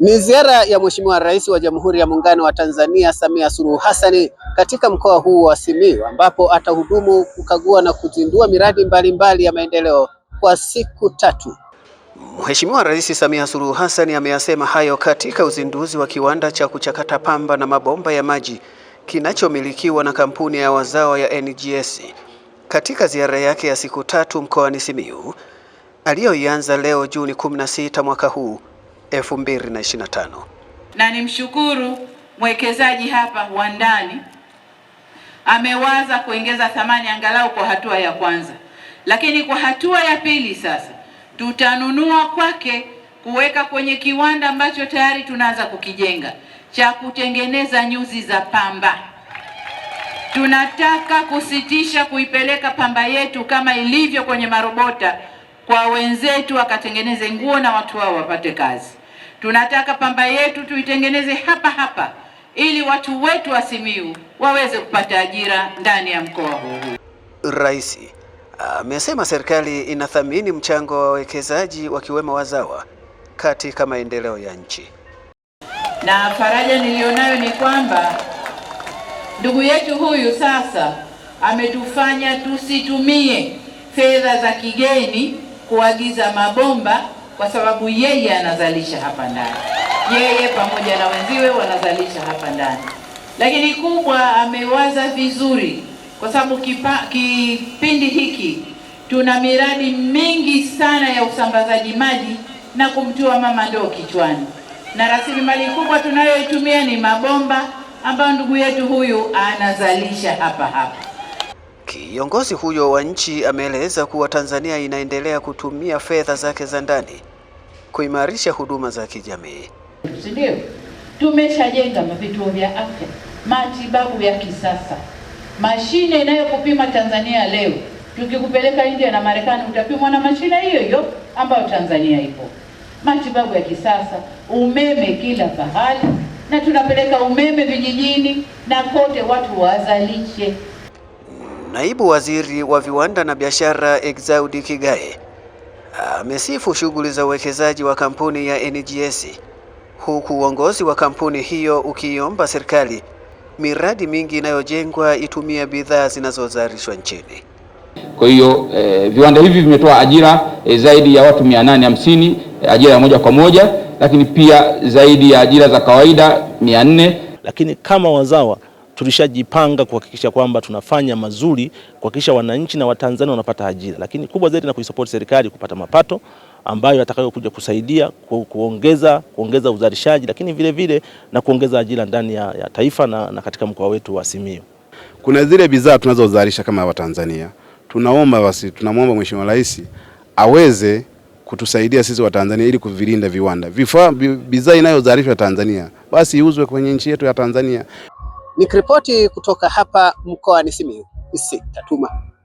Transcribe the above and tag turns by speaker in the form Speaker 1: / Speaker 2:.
Speaker 1: Ni ziara ya Mheshimiwa Rais wa Jamhuri ya Muungano wa Tanzania Samia Suluhu Hassan katika mkoa huu wa Simiyu ambapo atahudumu kukagua na kuzindua miradi mbalimbali mbali ya maendeleo kwa siku tatu.
Speaker 2: Mheshimiwa Rais Samia Suluhu Hassan ameyasema hayo katika uzinduzi wa kiwanda cha kuchakata pamba na mabomba ya maji kinachomilikiwa na kampuni ya wazao ya NGS katika ziara yake ya siku tatu mkoani Simiyu aliyoianza leo Juni 16 mwaka huu 2025.
Speaker 3: Na nimshukuru mwekezaji hapa wa ndani amewaza kuongeza thamani angalau kwa hatua ya kwanza, lakini kwa hatua ya pili sasa tutanunua kwake kuweka kwenye kiwanda ambacho tayari tunaanza kukijenga cha kutengeneza nyuzi za pamba. Tunataka kusitisha kuipeleka pamba yetu kama ilivyo kwenye marobota kwa wenzetu, wakatengeneze nguo na watu wao wapate kazi. Tunataka Pamba yetu tuitengeneze hapa hapa ili watu wetu wa Simiyu waweze kupata ajira ndani ya mkoa huu.
Speaker 2: Rais ah, amesema serikali inathamini mchango wa wawekezaji wakiwemo wazawa katika maendeleo ya nchi.
Speaker 3: Na faraja niliyonayo ni kwamba ndugu yetu huyu sasa ametufanya tusitumie fedha za kigeni kuagiza mabomba kwa sababu yeye anazalisha hapa ndani, yeye pamoja na wenziwe wanazalisha hapa ndani. Lakini kubwa amewaza vizuri, kwa sababu kipindi hiki tuna miradi mingi sana ya usambazaji maji na kumtua mama ndoo kichwani, na rasilimali kubwa tunayoitumia ni mabomba ambayo ndugu yetu huyu anazalisha hapa hapa.
Speaker 2: Kiongozi huyo wa nchi ameeleza kuwa Tanzania inaendelea kutumia fedha zake za ndani kuimarisha huduma za kijamii.
Speaker 3: ndio? Tumeshajenga vituo vya afya, matibabu ya kisasa, mashine inayokupima Tanzania leo, tukikupeleka India na Marekani utapimwa na mashine hiyo hiyo ambayo Tanzania ipo, matibabu ya kisasa, umeme kila pahali, na tunapeleka umeme vijijini na kote watu wazalishe.
Speaker 2: Naibu Waziri wa Viwanda na Biashara Exaudi Kigae amesifu shughuli za uwekezaji wa kampuni ya NGS huku uongozi wa kampuni hiyo ukiiomba serikali miradi mingi inayojengwa itumie bidhaa zinazozalishwa nchini.
Speaker 4: Kwa hiyo eh, viwanda hivi vimetoa ajira eh, zaidi ya watu 850 eh, ajira ya moja kwa moja, lakini pia zaidi ya ajira za kawaida 400.
Speaker 5: Lakini kama wazawa tulishajipanga kuhakikisha kwamba tunafanya mazuri kuhakikisha wananchi na Watanzania wanapata ajira, lakini kubwa zaidi na kuisupport serikali kupata mapato ambayo atakayokuja kusaidia ku, kuongeza, kuongeza uzalishaji lakini vile vile na kuongeza ajira ndani ya, ya taifa na, na katika mkoa wetu wa Simiyu.
Speaker 6: Kuna zile bidhaa tunazozalisha kama Watanzania, tunaomba basi, tunamwomba Mheshimiwa Rais aweze kutusaidia sisi Watanzania ili kuvilinda viwanda. Vifaa bidhaa inayozalishwa Tanzania basi iuzwe kwenye nchi yetu ya Tanzania.
Speaker 1: Nikiripoti kutoka hapa mkoani Simiyu, Sitatuma.